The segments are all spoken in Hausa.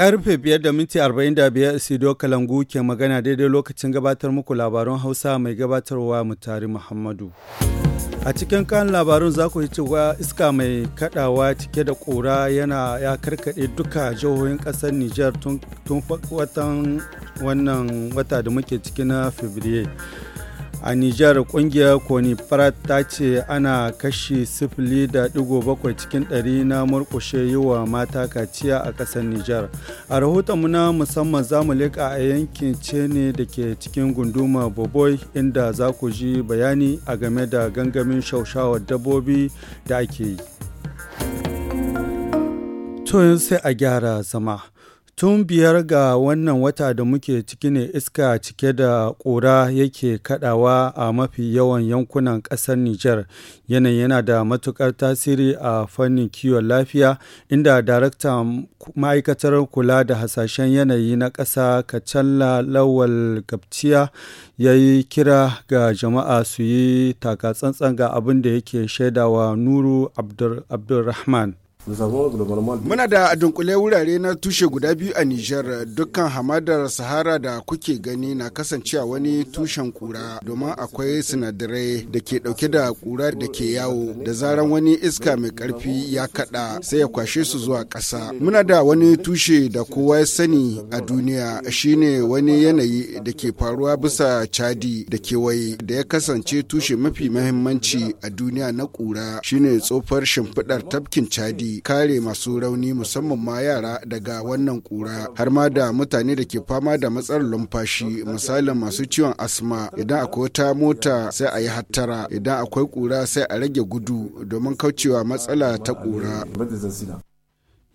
Karfe biyar da minti arba'in da biyar Sido Kalangu ke magana daidai lokacin gabatar muku labarun Hausa mai gabatarwa Mutari Muhammadu. A cikin kan labarun za ku yi cewa iska mai kadawa cike da kura yana ya karkade duka jihohin kasar Nijar tun watan wannan wata da muke ciki na Fabrairu. a nijar kungiyar konifrat ta ce ana kashi sifili da digo bakwai cikin ɗari na murkushe yi wa mata kaciya a ƙasar nijar a rahotonmu na musamman za mu leƙa a yankin cene da ke cikin gunduma boboi inda za ku ji bayani a game da gangamin shaushawar dabbobi da ake yi to sai a gyara zama Tun biyar ga wannan wata da muke ciki ne iska cike da ƙura yake kaɗawa a mafi yawan yankunan ƙasar Nijar. Yanayi yana da matuƙar tasiri a fannin kiwon lafiya, inda daraktan ma'aikatar kula da hasashen yanayi na ƙasa Kacalla Lawal Gabciya ya yi kira ga jama'a su yi takatsantsan ga abin da yake shaidawa Nuru Abdulrahman. Muna da dunkule wurare na tushe guda biyu a Nijar dukkan hamadar Sahara da kuke gani na kasancewa wani tushen kura domin akwai sinadarai da ke dauke da kura da ke yawo da zaran wani iska mai karfi ya kada sai ya kwashe su zuwa ƙasa. Muna da wani tushe da kowa ya sani a duniya shine wani yanayi da ke faruwa bisa chadi da kewaye da ya kasance tushe mafi mahimmanci a duniya na kura shine tsofar shimfiɗar tafkin chadi. kare masu rauni musamman ma yara daga wannan kura har ma da mutane da ke fama da matsalar lumfashi misalin masu ciwon asma idan akwai wata mota sai a yi hattara idan akwai kura sai a rage gudu domin kaucewa matsala ta kura.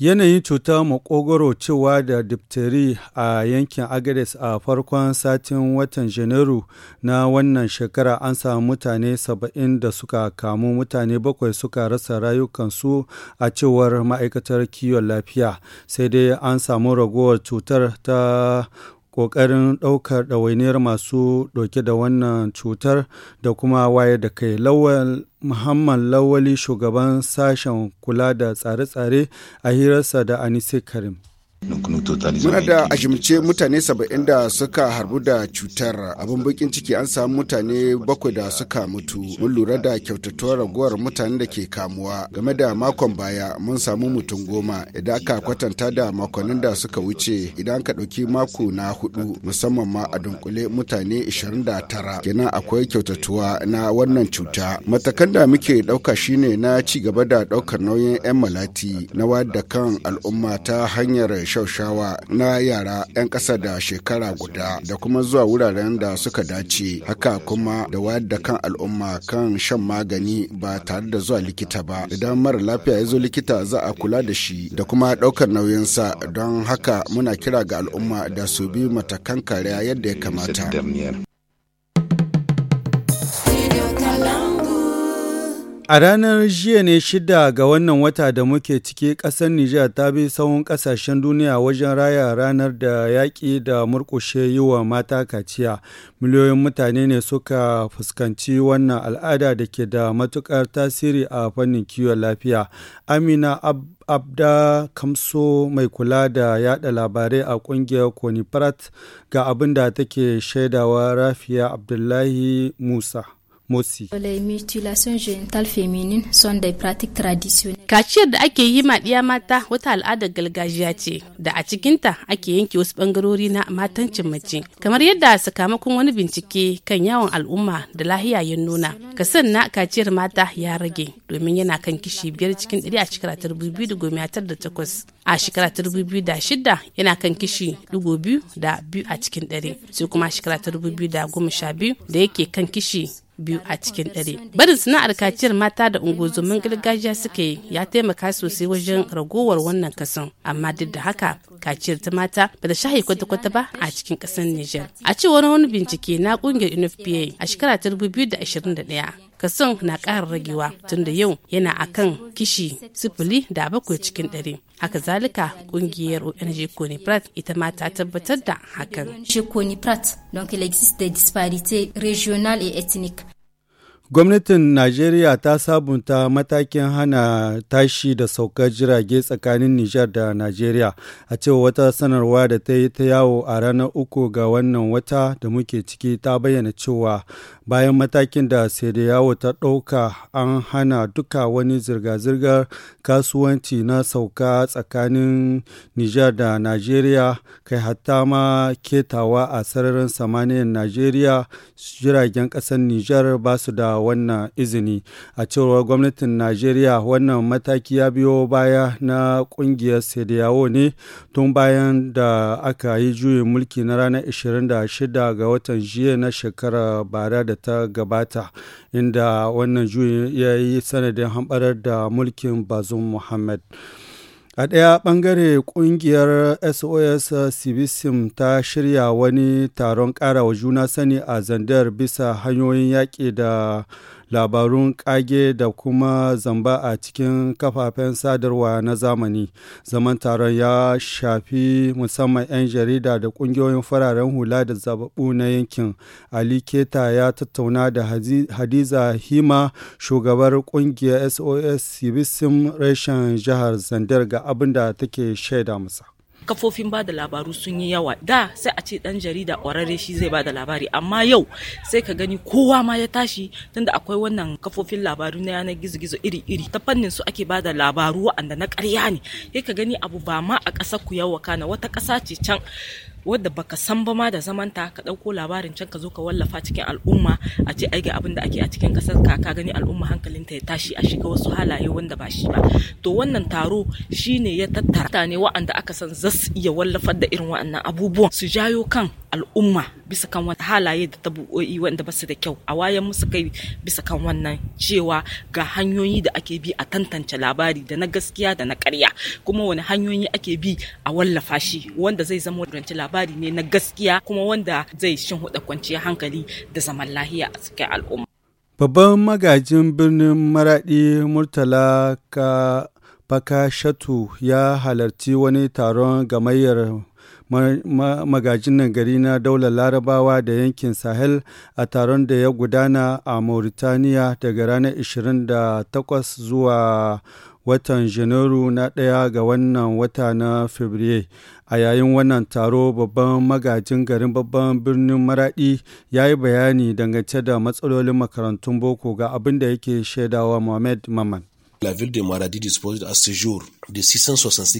Yanayin cuta maƙogwaro cewa da diphtheria a yankin Agades a farkon satin watan Janairu na wannan shekara an samu mutane saba'in da suka kamu mutane bakwai suka rasa rayukansu a cewar ma'aikatar kiwon lafiya sai dai an samu ragowar cutar ta ƙoƙarin ɗaukar ɗawainiyar masu ɗauke da wannan cutar da kuma wayar da kai lawal muhammad lawali shugaban sashen kula da tsare-tsare a hirarsa da anise karim Muna da ajimce mutane saba'in da suka harbu da cutar abin bakin ciki an samu mutane bakwai da suka mutu. Mun lura da kyautatuwar raguwar mutanen da ke kamuwa game da makon baya mun samu mutum goma idan aka kwatanta da makonnin da suka wuce idan ka ɗauki mako na hudu musamman ma a dunkule mutane 29 kenan akwai kyautatuwa na wannan cuta. Matakan da muke ɗauka shine na ci gaba da ɗaukar nauyin 'yan malati na wadda kan al'umma ta hanyar shaushawa na yara 'yan ƙasa da shekara guda da kuma zuwa wuraren da suka dace haka kuma da wayar da kan al'umma kan shan magani ba tare da zuwa likita ba idan mara lafiya ya zo likita za a kula da shi da kuma ɗaukar nauyinsa don haka muna kira ga al'umma da su bi matakan kariya yadda ya kamata A ranar jiya ne shida ga wannan wata da muke ciki ƙasar Nijar ta bi tsawon ƙasashen duniya wajen raya ranar da yaƙi da murƙushe yi wa mata kaciya. Miliyoyin mutane ne suka fuskanci wannan al'ada da ke da matuƙar tasiri a fannin kiwon lafiya. Amina Abda Kamso mai kula da yada labarai a ƙungiyar Koniprat ga abin da take shaidawa Rafiya Abdullahi Musa. Motsi. Kaciyar da ake yi ma ɗiya mata wata al'adar gargajiya ce da a cikinta ake yanke wasu ɓangarori na matancin mace. Kamar yadda sakamakon wani bincike kan yawon al'umma da lahiya ya nuna, kasan na kaciyar mata ya rage domin yana kan kishi biyar cikin ɗari a shekara ta biyu da goma tar da takwas. A shekara ta biyu da shida yana kan kishi dubu biyu da biyu a cikin ɗari. Sai kuma shekara ta biyu da goma sha biyu da yake kan kishi biyu a cikin ɗari. Barin sana'ar kaciyar mata da ungozomin gargajiya suka yi ya taimaka sosai wajen ragowar wannan kasan, Amma duk da haka kaciyar ta mata ba da shahi kwata-kwata ba a cikin kasan Nijar. A cewar wani bincike na ƙungiyar UNFPA a shekara ta 2021 kason na ƙara ragewa tunda yau yana akan kishi sifili da bakwai cikin ɗari haka zalika ƙungiyar ong coniprat ita ma ta tabbatar da hakan. Chez Coniprat, don il existe des disparités régionales et ethniques. Gwamnatin Najeriya ta sabunta matakin hana tashi da saukar jirage tsakanin Nijar da Najeriya a cewa wata sanarwa da ta yi ta yawo a ranar uku ga wannan wata da muke ciki ta bayyana cewa bayan matakin da yawo ta ɗauka an hana duka wani zirga-zirgar kasuwanci na sauka tsakanin Nijar da Najeriya kai hatta ma ketawa a sararin samaniyar Najeriya jiragen ƙasar Nijar ba su da wannan izini a cewar gwamnatin najeriya wannan mataki ya biyo baya na kungiyar sediyawo ne tun bayan da aka yi juyin mulki na ranar 26 ga watan jiya na shekarar bara da ta gabata inda wannan juyin ya yi sanadin hamɓarar da mulkin bazum muhammad A ɗaya ɓangare ƙungiyar SOS uh, Civisim ta shirya wani taron wa juna sani a Zandar bisa hanyoyin yaƙi da labarun ƙage da kuma zamba a cikin kafafen sadarwa na zamani. Zaman taron ya shafi musamman 'yan jarida da ƙungiyoyin fararen hula da zababu na yankin. Ali Keta ya tattauna da Hadiza Hima, shugabar ƙungiyar SOS Sibisim reshen jihar Zandar ga abin da take shaida masa. kafofin ba da labaru sun yi yawa da sai a ce dan jarida kwararre shi zai ba da labari amma yau sai ka gani kowa ma ya tashi tunda akwai wannan kafofin labaru na yanar gizo-gizo iri-iri ta fannin su ake ba da labaru wa'anda na karya ne sai ka gani abu ba ma a ƙasa ku yawa kana wata ƙasa ce can wadda baka san ba ma da zamanta ka ɗauko labarin can ka zo ka wallafa cikin al'umma a ce aige abin da ake a cikin kasar ka ka gani al'umma hankalinta ya tashi a shiga wasu halaye wanda ba shi ba to wannan taro shine ya tattara ne wa'anda aka san zasu iya wallafar da irin wa'annan abubuwan su jayo kan al'umma bisa kan wani halaye da tabu'o'i wanda basu da kyau a wayan musu kai bisa kan wannan cewa ga hanyoyi da ake bi a tantance labari da na gaskiya da na karya kuma wani hanyoyi ake bi a wallafa shi wanda zai zama rance labari ne na gaskiya kuma wanda zai shin huda kwanciyar hankali da zaman lahiya a cikin al'umma babban magajin birnin maraɗi murtala ka ya halarci wani taron gamayyar magajin nan gari na daular larabawa da yankin sahel a taron da ya gudana a mauritaniya daga ranar 28 zuwa watan janairu na daya ga wannan wata na fabriye a yayin wannan taro babban magajin garin babban birnin maradi ya yi bayani dangance da matsalolin makarantun boko ga abin da yake shaidawa mohamed maman la ville de maradi dispose à ce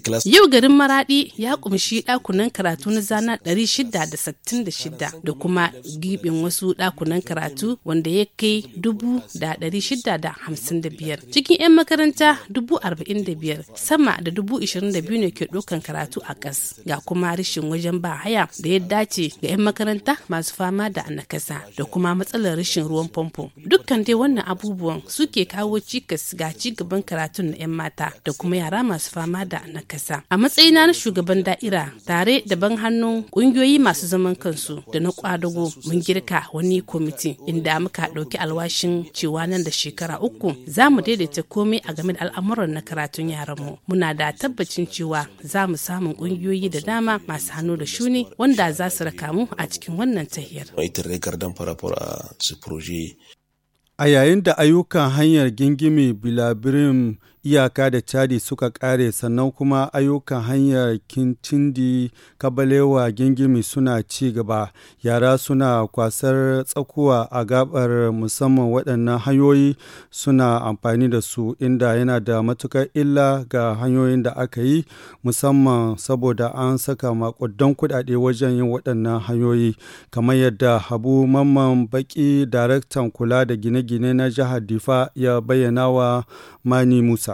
class. Yau garin Maradi ya kumshi ɗakunan karatu na zana 666 da kuma gibin wasu ɗakunan karatu wanda ya kai 655 cikin 'yan makaranta 45,000 sama da 22,000 ne ke ɗaukan karatu a ƙas ga kuma rashin wajen ba haya da ya dace ga 'yan makaranta masu fama da nakasa da kuma matsalar rashin ruwan famfo dukkan dai wannan abubuwan suke kawo cikas ga ci gaban karatun na 'yan mata da kuma yara masu masu fama da nakasa. A matsayina na shugaban da'ira tare da ban hannun ƙungiyoyi masu zaman kansu da na kwadago mun girka wani kwamiti inda muka ɗauki alwashin cewa nan da shekara uku za mu daidaita komai a game da al'amuran na karatun yaran mu Muna da tabbacin cewa za mu samun ƙungiyoyi da dama masu hannu da shuni wanda za su raka mu a cikin wannan tahiyar. A yayin da ayyukan hanyar gingimi Bilabirim iyaka da Chadi suka kare sannan kuma ayyukan hanyar Kincindi, Kabalewa, Gingimi suna ci gaba. Yara suna kwasar tsakuwa a gabar musamman waɗannan hanyoyi suna amfani da su inda yana da matukar illa ga hanyoyin da aka yi musamman saboda an saka makudan kuɗaɗe wajen yin waɗannan hanyoyi kamar yadda habu mamman baki daraktan kula da gine-gine na jihar difa ya bayyana wa mani musa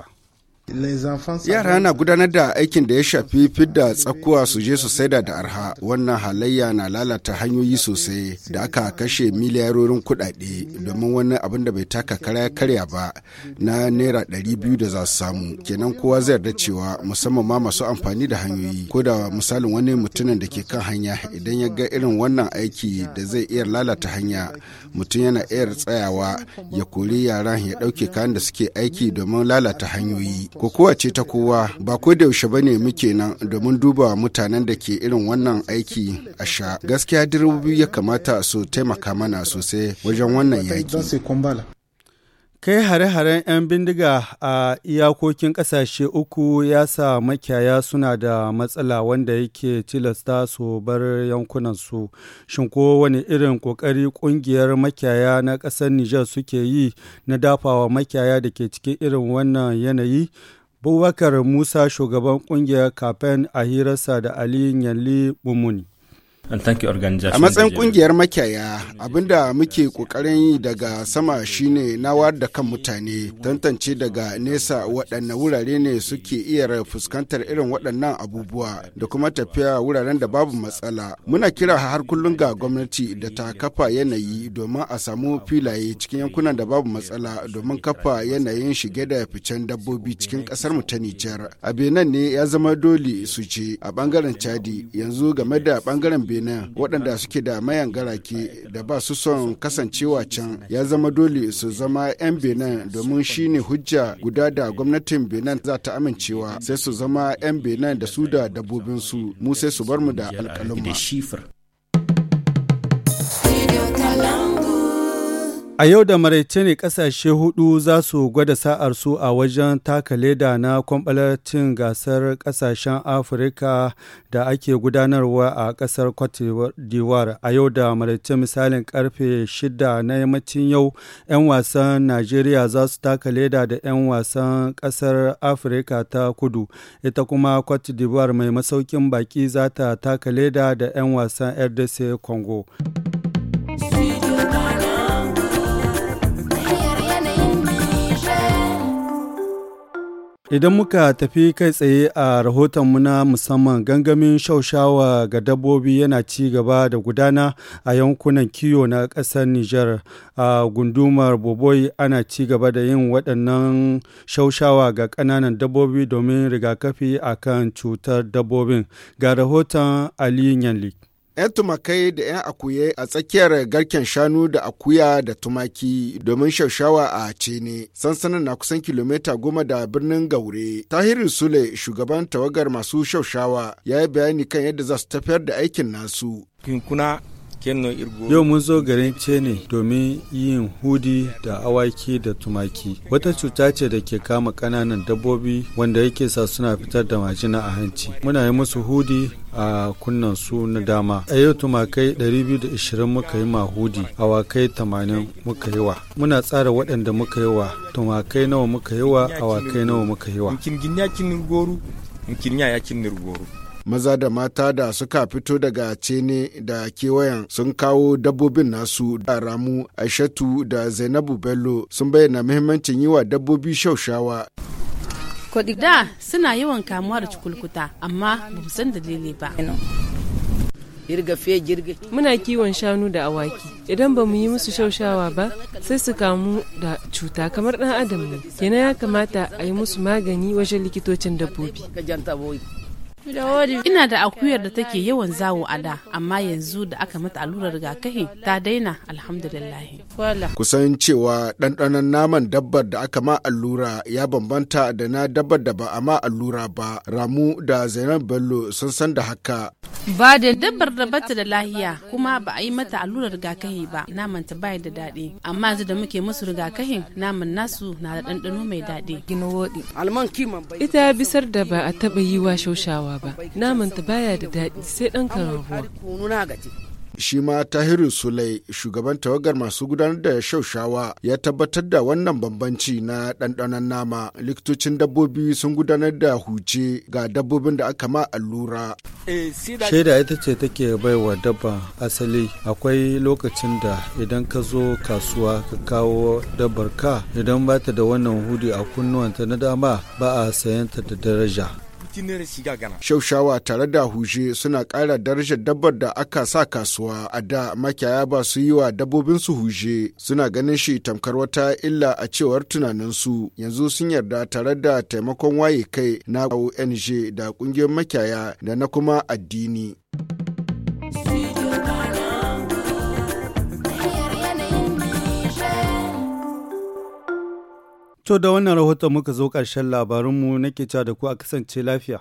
Yara na gudanar da aikin da ya shafi fidda tsakuwa su je su saida da arha wannan halayya na lalata hanyoyi sosai da aka kashe miliyarorin kudade domin wani abin da bai taka kara ya karya ba na naira 200 da za su samu kenan kowa zai yarda cewa musamman ma masu amfani da hanyoyi ko da misalin wani mutumin da ke kan hanya idan ya ga irin wannan aiki da zai iya lalata hanya mutum yana iya tsayawa ya kori yaran ya dauke kayan da suke aiki domin lalata hanyoyi kokowa ce ta kowa ba ko da yaushe bane muke nan domin duba mutanen da ke irin wannan aiki a sha gaskiya direbobi ya kamata su taimaka mana sosai wajen wannan yaki Kai hare-haren 'yan bindiga a iyakokin ƙasashe uku ya sa makiyaya suna da matsala wanda yake tilasta su bar yankunansu. Shin ko wani irin ƙoƙari ƙungiyar makiyaya na ƙasar Nijar suke yi na dafawa makiyaya da ke cikin irin wannan yanayi? Bubakar Musa shugaban ƙungiyar Kafen a hirarsa da Ali Yalli Mumuni. A matsayin kungiyar makiyaya abinda muke kokarin yi daga sama shine na wayar da kan mutane tantance daga nesa waɗanne wurare ne suke iya fuskantar irin waɗannan abubuwa da kuma tafiya wuraren da babu matsala. Muna kira har kullum ga gwamnati da ta kafa yanayi domin a samu filaye cikin yankunan da babu matsala domin kafa yanayin shige da ficen dabbobi cikin ƙasar mu ta Nijar. A Benin ne ya zama dole su ce a bangaren Chadi yanzu game da ɓangaren benin waɗanda suke da mayan garake da ba su son kasancewa can ya zama dole su zama 'yan benin domin shi ne hujja guda da gwamnatin benin za ta amincewa sai su zama 'yan benin da su da dabbobinsu mu sai su bar mu da alƙalin A yau da maraice ne kasashe hudu za su gwada sa'ar su a wajen taka leda na kwambalacin gasar kasashen Afirka da ake gudanarwa a kasar Cote d'Ivoire. A yau da maraice misalin karfe shida na yammacin yau, 'yan wasan Najeriya za su taka leda da 'yan wasan kasar Afirka ta kudu. Ita kuma Cote d'Ivoire mai masaukin baki za ta taka leda da 'yan wasan RDC Congo. Idan muka tafi kai tsaye a rahotonmu na musamman gangamin shaushawa ga dabbobi yana ci gaba da gudana a yankunan kiyo na ƙasar Nijar a gundumar Boboi ana ci gaba da yin waɗannan shaushawa ga ƙananan dabbobi domin rigakafi akan cutar dabbobin. Ga rahoton Ali Yanlik. 'yan tumakai da 'yan akuye a tsakiyar garken shanu da akuya da tumaki domin shaushawa a cene sansanin na kusan kilomita goma da birnin gaure tahiru sule shugaban tawagar masu shaushawa ya yi bayani kan yadda za su tafiyar da aikin nasu Yau mun zo garin Cene domin yin hudi da awaki da tumaki. Wata cuta ce da ke kama ƙananan dabbobi wanda yake sa suna fitar da majina a hanci. Muna yi musu hudi a kunnan su na dama. A yau tumakai 220 muka yi mahudi, awakai 80 muka yi wa. Muna tsara waɗanda muka yi wa, tumakai nawa muka yi wa, awakai nawa muka yi wa. maza da mata da suka fito daga cene da kewayen sun kawo dabbobin nasu da ramu aishatu da zainabu bello sun bayyana muhimmancin yi wa dabbobi shaushawa da suna yawan kamuwa da cikulkuta amma ba mu san dalili ba muna kiwon shanu da awaki idan ba mu yi musu shaushawa ba sai su kamu da cuta kamar dan adam ne kenan ya kamata a yi musu magani wajen likitocin dabbobi Ina da akuyar da take yawan zawo a da, amma yanzu da aka mata allurar rigakafi ta daina alhamdulillah. Kusan cewa ɗanɗanon naman dabbar da aka ma allura ya bambanta da na dabbar da ba a ma allura ba. Ramu da Zainab Bello sun san da haka. Ba da dabbar da bata da lahiya kuma ba a yi mata allurar rigakafi ba, naman ta bai da daɗi. Amma yanzu da muke musu rigakafin naman nasu na da ɗanɗano mai daɗi. Ita bisar da ba a taɓa yi wa shaushawa yawa ba namanta baya da daɗi sai ɗan shi ma tahiru sulai shugaban tawagar masu gudanar da shaushawa ya tabbatar da wannan bambanci na ɗanɗanon nama likitocin dabbobi sun gudanar da huce ga dabbobin da aka ma allura shaida ita ce take wa dabba asali akwai lokacin da idan ka zo kasuwa ka kawo dabbar ka idan ba ta da wannan hudi a kunnuwanta na dama ba a sayanta da daraja Shaushawa tare da huje suna ƙara darajar dabbar da aka sa kasuwa a da makiyaya ba su yi wa dabbobin su huje suna ganin shi tamkar wata illa a cewar tunaninsu yanzu sun yarda tare da taimakon waye kai na ONG da ƙungiyar makiyaya da na kuma addini. To da wannan rahoton muka zo ƙarshen labarinmu nake cewa da ku a kasance lafiya.